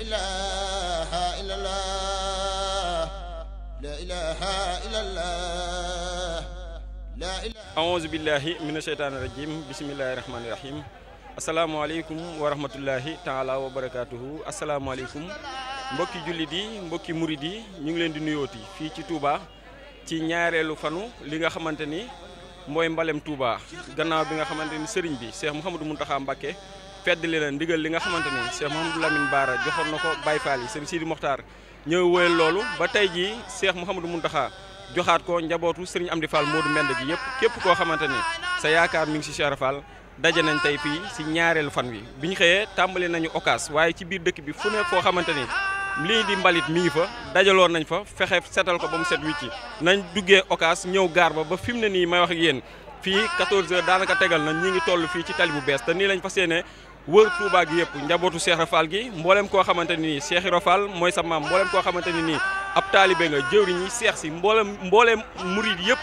إله إلا الله لا إله إلا الله لا إله أعوذ بالله من الشيطان الرجيم بسم الله الرحمن الرحيم السلام عليكم ورحمة الله تعالى وبركاته السلام عليكم mbokki julit mbokki murid ñu ngi leen di nuyooti fii ci Touba ci ñaareelu fanu li nga xamante ni mooy mbalem Touba gannaaw bi nga xamante ni sëriñ bi Cheikh Mouhamadou Mountakha Mbacké feddali na ndigal li nga xamanteni Cheikh Mouhamadou Lamine Bara joxon nako bay Fall yi Sidi Mokhtar ñew wéyal lolu ba tay ji Cheikh Mouhamadou muntaha joxaat ko njabotou serigne Amdi Fall Modou Mbend gi yëpp képp ko xamanteni sa yaakaar mi ngi si Cheikh Fall dajé nañ tay fi si ñaarël fan wi biñ xeyé tambalé nañu okas waye ci biir dëkk bi fu ne foo xamante di mbalit mi ngi fa dajalo nañ fa fexé setal ko ba sét set wicci nañ duggé okas ñew gaar ba ba fi mu may wax ak yeen fi 14 h danaka tegal na ñi ngi tollu fi ci talibu te lañ fa séné wër Touba gi yëpp njabootu Cheikh Rafal gi mbooleem koo xamante ni nii Cheikh mooy sa maam mboolem koo xamante ni nii ab taalibe nga riñ yi seex si mboolem mboolem murid yëpp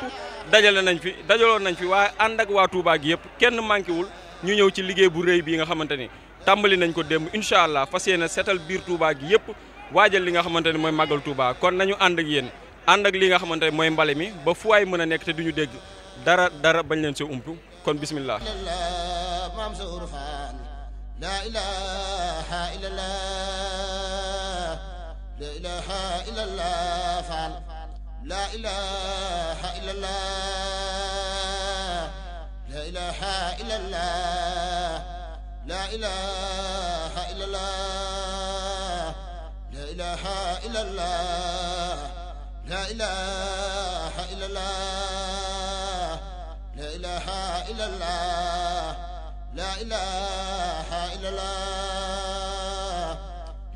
dajale nañ fi dajaloon nañ fi waa ànd ak waa Touba gi yëpp kenn manqué wul ñu ñëw ci liggéey bu rëy bii nga xamante ni tàmbali nañ ko démb incha allah fas yéen seetal biir Touba gi yëpp waajal li nga xamante ni mooy màggal Touba kon nañu ànd ak yéen ànd ak li nga xamante ni mooy mbale mi ba fu mën a nekk te duñu dégg dara dara bañ leen si kon bismillah لا إله إلا الله لا إله إلا الله فعل لا إله إلا الله لا إله إلا الله لا إله إلا الله لا إله إلا الله لا إله إلا الله لا إله إلا الله لا إله إلا الله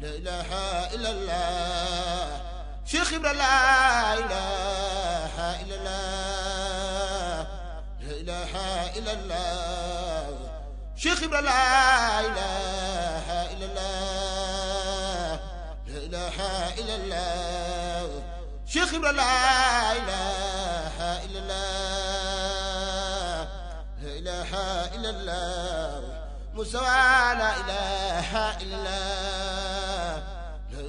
لا إله إلا الله شيخ إبراهيم لا إله إلا الله لا إله إلا الله شيخ إبراهيم لا إله إلا الله لا إله إلا الله شيخ إبراهيم لا إله إلا الله الله مستوى لا إله إلا لا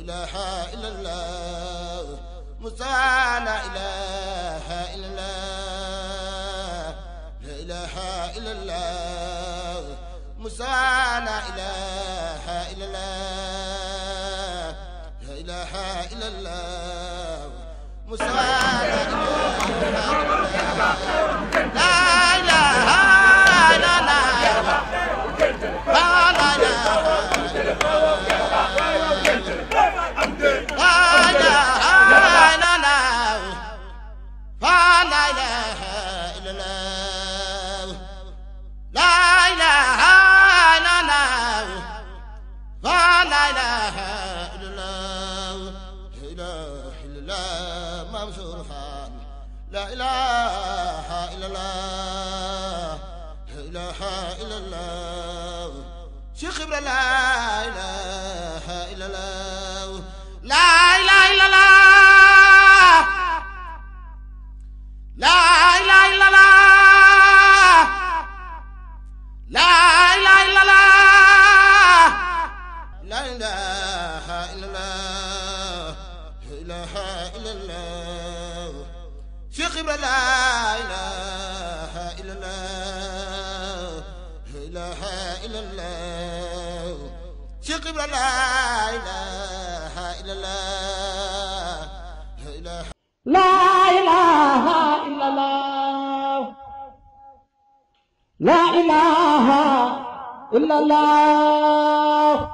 إله إلا الله مستوى لا إله إلا لا إله إلا الله مستوى لا إله إلا لا إله إلا الله مستوى لا إله إلا الله لا إله إلا الله شيخ لا إله إلا الله لا كبر لا إله إلا الله لا إله إلا الله شيخ لا إله إلا الله لا إله إلا الله لا إله إلا الله